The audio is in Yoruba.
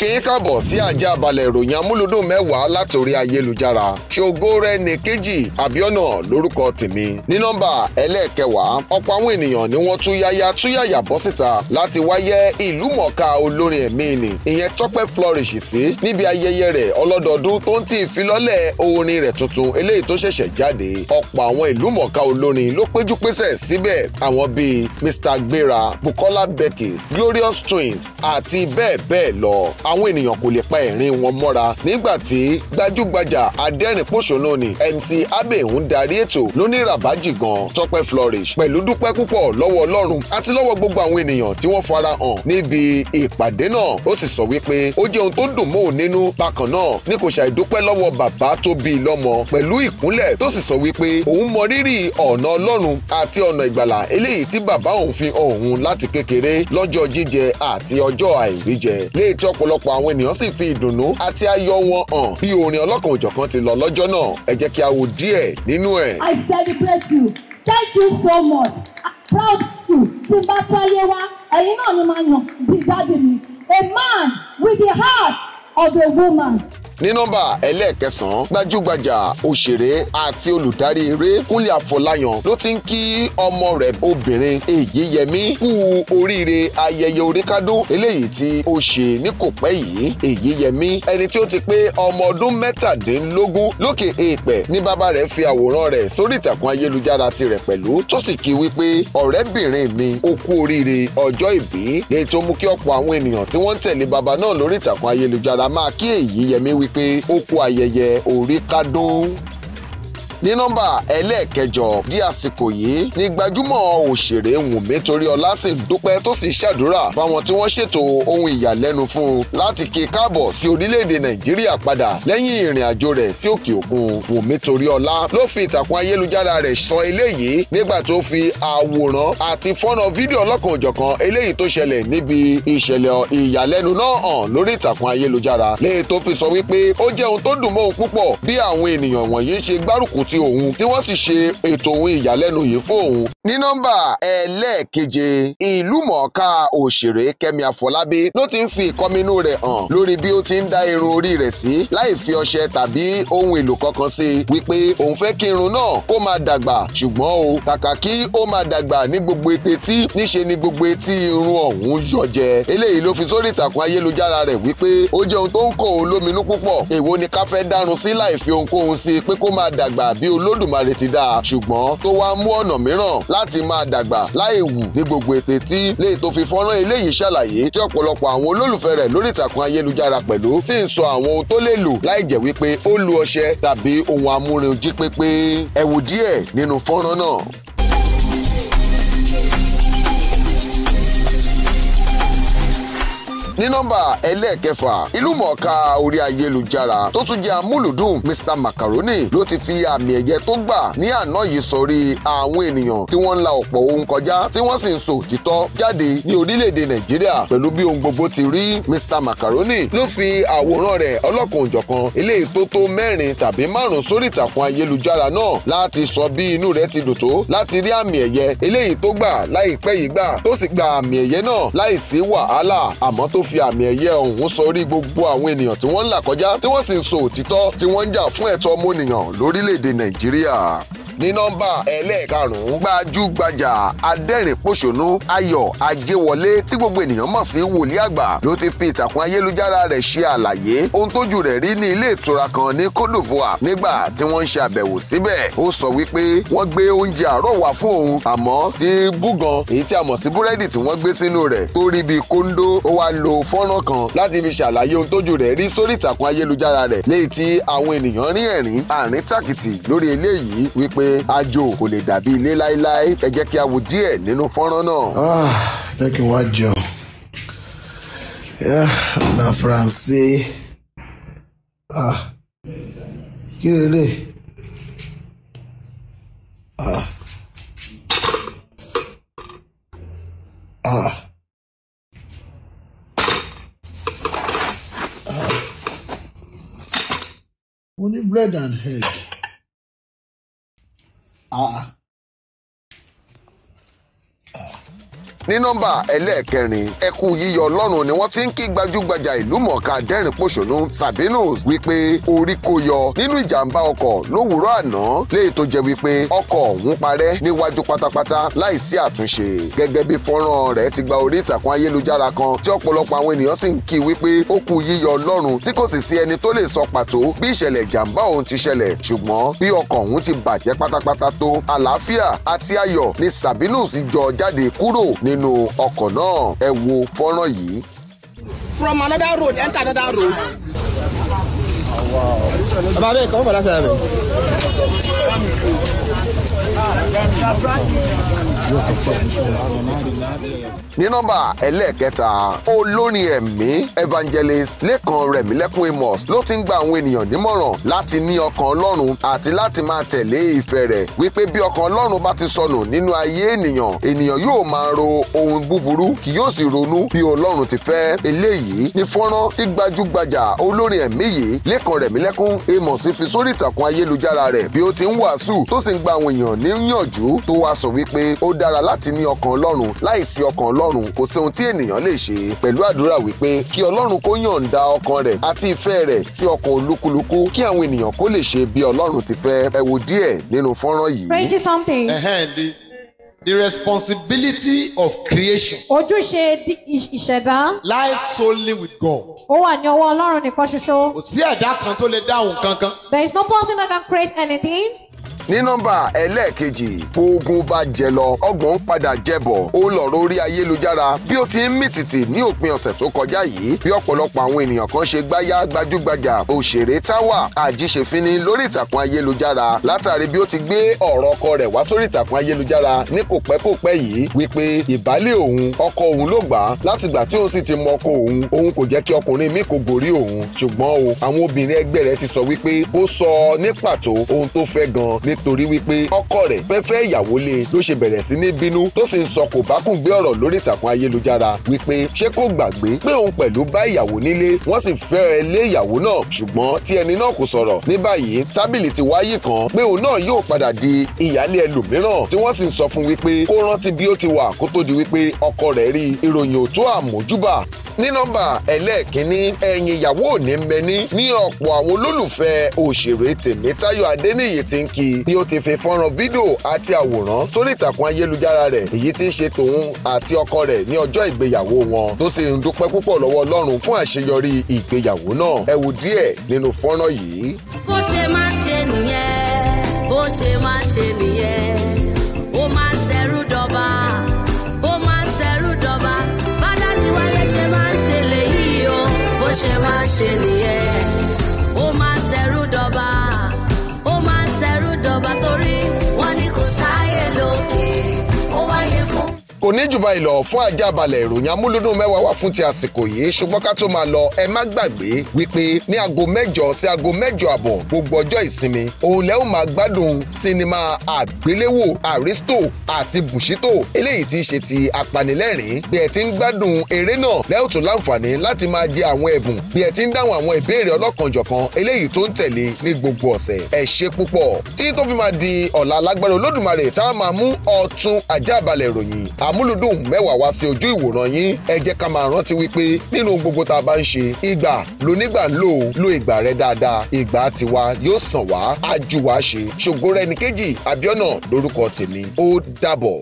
kí yín káàbọ̀ sí àjà balẹ̀ ìròyìn amúlùdùn mẹ́wàá látòrí ayélujára ṣògo rẹ ní kejì àbíọ́nà lórúkọ tèmi ní nọ́mbà ẹlẹ́ẹ̀kẹwàá ọ̀pọ̀ àwọn ènìyàn ni wọ́n tú yáyá tú yáyà bọ́ síta láti wáyẹ́ ìlú mọ̀ọ́ká olórin ẹ̀mí ni ìyẹn tọ́pẹ́ flourish sí níbi ayẹyẹ rẹ̀ ọlọ́dọọdún tó ń ti ìfilọ́lẹ̀ orin rẹ̀ tuntun eléyìí tó ṣẹ̀ṣẹ̀ jáde ọ̀pọ̀ àwọn ìlú mọ̀ọ́ká olórin ló péjú pésẹ̀ síbẹ̀ àwọn Mr Gbéra Bukola Beckis Glorious Twins àti bẹ́ẹ̀ àwọn ènìyàn kò lè pa ẹ̀rín wọn mọ́ra nígbà tí gbajúgbajà adẹ́rìn-pọ̀ṣónú ni MC Abbey ń darí ètò lóníràbájì gan Tọ́pẹ́ Flourish pẹ̀lú dúpẹ́ púpọ̀ lọ́wọ́ Ọlọ́run àti lọ́wọ́ gbogbo àwọn ènìyàn tí wọ́n fara hàn níbi ìpàdé náà ó sì sọ wípé ó jẹ́ ohun tó dùn mọ́ òun nínú bákan náà ní kò ṣàìdúpẹ́ lọ́wọ́ bàbá tó bí i lọ́mọ pẹ̀lú ìkúnlẹ̀ tó sì sọ wípé òun mọ rírì ọ̀nà Ọlọ́run àti ọ̀nà ìgbàlà eléyìí tí bàbá òun fi hàn òun láti kékeré lọ́jọ́ jíjẹ àti ọjọ́ àìríjẹ léè tí ọ̀pọ̀ àwọn ènìyàn sì fi ìdùnnú àti ayọ̀ wọn hàn bí orin ọlọ́kan òjọ̀kan ti lọ lọ́jọ́ náà ẹ jẹ́ kí a wo díẹ̀ nínú ẹ̀. I celebrate you thank you so much I'm proud of you tí n wá ẹ̀yin náà ni màá yàn bí dáàdì mi a man with the heart of a woman ní nọ́mbà ẹlẹ́ẹ̀kẹsàn-án gbajúgbajà òṣèré àti olùdarí eré kúnlé àfọláyàn ló ti ń kí ọmọ rẹ̀ obìnrin èyíyẹmí kú oríire ayẹyẹ oríkádún eléyìí tí ó ṣe ní kò pẹ́ yìí èyíyẹmí ẹni tí ó ti pé ọmọ ọdún mẹ́tàdínlógún lókè èèpẹ̀ ní bàbá rẹ̀ fi àwòrán rẹ̀ sórí ìtàkùn ayélujára tirẹ̀ pẹ̀lú tó sì kí wípé ọ̀rẹ́bìnrin mi ó kú oríire ọjọ́ ìbí lè tó mú kí ọ̀pọ̀ àwọn ènìyàn tí wọ́n ń tẹ̀lé bàbá náà lórí ìtàkùn ayélujára máa kí èyíyẹmí wípé pé ó kú ayẹyẹ orí kádún ní nọ́mbà ẹlẹ́ẹ̀kẹjọ di àsìkò yìí ní gbajúmọ̀ òṣèré Wùnmí Toríọlá sì dúpẹ́ tó sì ṣàdúrà fáwọn tí wọ́n ṣètò ohun ìyàlẹ́nu fún un láti kí káàbọ̀ sí orílẹ̀-èdè Nàìjíríà padà lẹ́yìn ìrìn àjò rẹ̀ sí òkè òkun Wùnmí Toríọlá ló fi ìtàkùn ayélujára rẹ̀ sọ eléyìí nígbà tó fi àwòrán àti fọ́nà fídíò ọlọ́kan òjọ̀kan eléyìí tó ṣẹlẹ̀ níbi ìṣẹ̀lẹ̀ ìyàlẹ́nu náà hàn lórí ìtàkùn ayélujára lẹ́yìn tó fi sọ wípé ó jẹ́ ohun tó dùn mọ́ òun púpọ̀ bí àwọn ènìyàn wọ̀nyí ṣe gbárùkù àti òun tí wọ́n sì ṣe ètò ohun ìyàlẹ́nu yìí fún òun ní nọ́mbà ẹlẹ́ẹ̀keje ìlúmọ̀ọ́ká òṣèré kẹ́mi àfọlábí ló ti ń fi ìkọminú rẹ̀ hàn lórí bí ó ti ń dá irun orí rẹ̀ sí láì fi ọṣẹ tàbí ohun èlò kankan sí i wípé òun fẹ́ kí irun náà kó máa dàgbà ṣùgbọ́n o kàkà kí ó máa dàgbà ní gbogbo ètè tí níṣe ni gbogbo etí irun ọ̀hún yọ jẹ eléyìí ló fi sórí ìtàkùn ayélujára rẹ̀ wípé ó jẹ́ ohun tó ń kó òun lóminú púpọ̀ èwo ni ká fẹ́ dárun sí láì fi ohunkóhun sí i pé kó máa dàgbà bí olódùmarè ti dáa ṣùgbọ́n tó wá mú ọ̀nà mìíràn láti máa dàgbà láì wù ní gbogbo ète tí lè tó fi fọ́nrán eléyìí ṣàlàyé tí ọ̀pọ̀lọpọ̀ àwọn olólùfẹ́ rẹ̀ lórí ìtàkùn ayélujára pẹ̀lú ti ń sọ àwọn ohun tó lè lò láì jẹ́ wípé ó lu ọṣẹ tàbí ohun amúrin jí pépé ẹ díẹ̀ nínú fọ́nrán náà. ní nọ́mbà ẹlẹ́ẹ̀kẹfà ìlúmọ̀ọ́ká orí ayélujára tó tún jẹ́ amúlùdùn Mr Macaroni ló ti fi àmì ẹ̀yẹ tó gbà ní àná yìí sọrí àwọn ènìyàn tí wọ́n ń la ọ̀pọ̀ ohun kọjá tí wọ́n sì ń sọ òtítọ́ jáde ní orílẹ̀-èdè Nàìjíríà pẹ̀lú bí ohun gbogbo ti rí Mr Macaroni ló fi àwòrán rẹ̀ ọlọ́kan òjọ̀kan eléyìí tó tó mẹ́rin tàbí márùn-ún sórí ìtàkùn ayélujára náà láti sọ bí inú rẹ̀ ti dùn tó láti rí àmì ẹ̀yẹ eléyìí tó gbà láìpẹ́ yìí gbà tó sì gba àmì ẹ̀yẹ náà láìsí wàhálà àmọ́ tó fi àmì ẹ̀yẹ ọ̀hún sọrí gbogbo àwọn ènìyàn tí wọ́n ń là kọjá tí wọ́n sì ń sọ òtítọ́ tí wọ́n ń jà fún ẹ̀tọ́ ọmọnìyàn lórílẹ̀‐èdè nàìjíríà ní nọ́mbà ẹlẹ́ẹ̀karùn-ún gbajúgbajà adẹ́rìn-pọ̀ṣónú ayọ̀ ajéwọlé tí gbogbo ènìyàn mọ̀ sí wòlíì àgbà ló ti fi ìtàkùn ayélujára rẹ̀ ṣe àlàyé ohun tójú rẹ̀ rí ní ilé ìtura kan ní Côte d'Ivoire nígbà tí wọ́n ń ṣe àbẹ̀wò síbẹ̀ ó sọ wípé wọ́n gbé oúnjẹ àárọ̀ wá fún òun àmọ́ ti búgan èyí tí a mọ̀ sí búrẹ́dì tí wọ́n gbé sínú rẹ̀ tó rí bíi kóńdó ó wá lo fọ́nrán kan láti fi ṣàlàyé ohun tójú rẹ̀ rí sórí ìtàkùn ayélujára rẹ̀ léyìí tí àwọn ènìyàn rí ẹ̀rín àríntàkìtì lórí eléyìí wípé àjò kò lè dàbí ilé láéláé ẹ jẹ́ kí a wo díẹ̀ nínú fọ́nrán náà. Ah, jẹ́ kí n wá jọ na France kí lè lè ah. ah. mo ní bread and egg. Ah. ní nọ́mbà ẹlẹ́ẹ̀kẹrin ẹkú yíyọ ọlọ́run ni wọ́n ti ń kí gbajúgbajà ìlú mọ̀ọ́ká dẹ́rìn pòṣónú sabinus wípé orí kó yọ nínú ìjàmbá ọkọ̀ lówùúrọ̀ àná léyìí tó jẹ́ wípé ọkọ̀ ọ̀hún parẹ́ níwájú pátápátá láìsí àtúnṣe gẹ́gẹ́ bí fọ́nrán rẹ̀ ti gba orí ìtàkùn ayélujára kan tí ọ̀pọ̀lọpọ̀ àwọn ènìyàn sì ń kí wípé ó kú yíyọ ọlọ́run tí kò sì sí ẹni tó lè sọ pàtó bí ìṣẹ̀lẹ̀ ìjàmbá ọ̀hún ti ṣẹlẹ̀ ṣùgbọ́n bí ọkọ̀ ọ̀hún ti bàjẹ́ pátápátá tó àlàáfíà àti ayọ̀ ni sabinus jọ jáde kúrò ní nínú ọkọ̀ náà ẹ wo fọ́nrán yìí. from another road enter another road. bàbá mi ní nọ́mbà ẹlẹ́ẹ̀kẹta olórin ẹ̀mí evangelist lẹ́kan rẹ̀mílẹ́kún amos ló ti ń gba àwọn ènìyàn nímọ̀ràn láti ní ọkàn ọlọ́run àti láti máa tẹ̀lé ìfẹ́ rẹ̀ wípé bí ọkàn ọlọ́run bá ti sọnù nínú ayé ènìyàn ènìyàn yóò máa ro ohun búburú kì yóò sì ronú bí ọlọ́run ti fẹ́ eléyìí ní fọ́nrán tí gbajúgbajà olórin ẹ̀mí yìí lẹ́kan rẹ̀mílẹ́kún amos fi sórí ìtàkùn ayélujára rẹ̀ bí ó ti ń wàásù tó sì ń gba àwọn dára láti ní ọkàn ọlọ́run láìsí ọkàn ọlọ́run kò sí ohun tí ènìyàn lè ṣe pẹ̀lú àdúrà wípé kí ọlọ́run kó yọ̀ǹda ọkàn rẹ̀ àti ìfẹ́ rẹ̀ sí ọkàn olúkúlùkù kí àwọn ènìyàn kó lè ṣe bí ọlọ́run ti fẹ́ ẹ wo díẹ̀ nínú fọ́nrán yìí. something. the, the responsibility of creation. ojúṣe ìṣẹ̀dá. lies solely with God. ó wà ní ọwọ́ ọlọ́run nìkan ṣoṣo. kò sí ẹ̀dá kan tó lè dáhùn kankan. there is no person that can create anything ní nọ́mbà ẹlẹ́ẹ̀kejì ogun bá jẹ lọ ọgbọ̀n padà jẹbọ̀ ó lọ̀rọ̀ orí ayélujára bí ó ti ń mìtìtì ní òpin ọ̀sẹ̀ tó kọjá yìí bí ọ̀pọ̀lọpọ̀ àwọn ènìyàn kan ṣe gbáyà gbajúgbajà òṣèré táwà àjíṣefínní lórí ìtàkùn ayélujára látàrí bí ó ti gbé ọ̀rọ̀ ọkọ rẹ̀ wá sórí ìtàkùn ayélujára ní kò pẹ́ kò pẹ́ yìí wípé ìbálẹ̀ òun ọkọ òun ló gbà á látìgbà tí òun sì ti mọ ọkọ òun òun kò jẹ́ kí ọkùnrin mi kò gòrí òun ṣùgbọ́n o àwọn obìnrin ẹgbẹ́ rẹ̀ ti sọ wípé ó sọ ní pàtó ohun tó fẹ́ gan ní torí wípé ọkọ rẹ̀ fẹ́ fẹ́ ìyàwó lé e ló ṣe bẹ̀rẹ̀ sí ní bínú tó sì ń sọ kò bá kùn gbé ọ̀rọ̀ lórí ìtàkùn ayélujára wípé ṣé kò gbàgbé pé òun pẹ̀lú bá ìyàwó nílé wọ́n sì fẹ́ ẹ lé ìyàwó náà ṣùgbọ́n tí ẹni náà kò sọ̀rọ̀ ní báyìí tábìlì ti wáyé kan pé òun náà yóò padà di ìyálé ẹlòmíràn tí wọ́n sì ń sọ fún wípé kó rántí bí ó ti wà kó tó di wípé ọkọ rẹ̀ rí ìròyìn òtún àmójúbà ní nọ́mbà ẹlẹ́ẹ̀kínní ẹ̀yìn ìyàwó òní mẹ́ni ní ọ̀pọ̀ àwọn olólùfẹ́ òṣèré Tèmítáyọ̀ Adéníyì ti ń kí bí ó ti fi fọ́nrán fídíò àti àwòrán sórí ìtàkùn ayélujára rẹ̀ èyí tí ń ṣe tòun àti ọkọ rẹ̀ ní ọjọ́ ìgbéyàwó wọn tó sì ń dúpẹ́ púpọ̀ lọ́wọ́ Ọlọ́run fún àṣeyọrí ìgbéyàwó náà ẹ wò díẹ̀ nínú fọ́nrán yìí. bó ṣe máa ṣe nìyẹn bó ṣe máa ṣe nìyẹn ó máa ń ṣẹrú dọba. Shelley. kò ní jù báyìí lọ fún àjàbalẹ̀ ìròyìn amúlùdùn mẹ́wàá wà fún ti àsìkò yìí ṣùgbọ́n ká tó máa lọ ẹ má gbàgbé wípé ní aago mẹ́jọ sí aago mẹ́jọ àbọ̀ gbogbo ọjọ́ ìsinmi òun lẹ́ ó máa gbádùn sinimá àgbéléwò àrísítò àti bùṣítò eléyìí ti ṣe ti apanilẹ́rìn bí ẹ ti ń gbádùn eré náà lẹ́ ó tún láǹfààní láti máa jẹ àwọn ẹ̀bùn bí ẹ ti ń dáhùn àwọn ìbéèrè ọlọ́kanjọ̀kan eléyìí tó ń tẹ̀lé ní gbogbo ọ̀sẹ̀ ẹ ṣe púpọ̀ àmúlùdùn mẹ́wàá wá sí ojú ìwòran yín ẹ jẹ́ ká máa rántí wípé nínú gbogbo tá a bá ń ṣe ìgbà lónígbà ń lò lo ìgbà rẹ dáadáa ìgbà tiwa yóò sàn wá á ju wá ṣe ṣògo rẹ ní kejì Abíọ́nà lórúkọ tèmi ó dàbọ̀.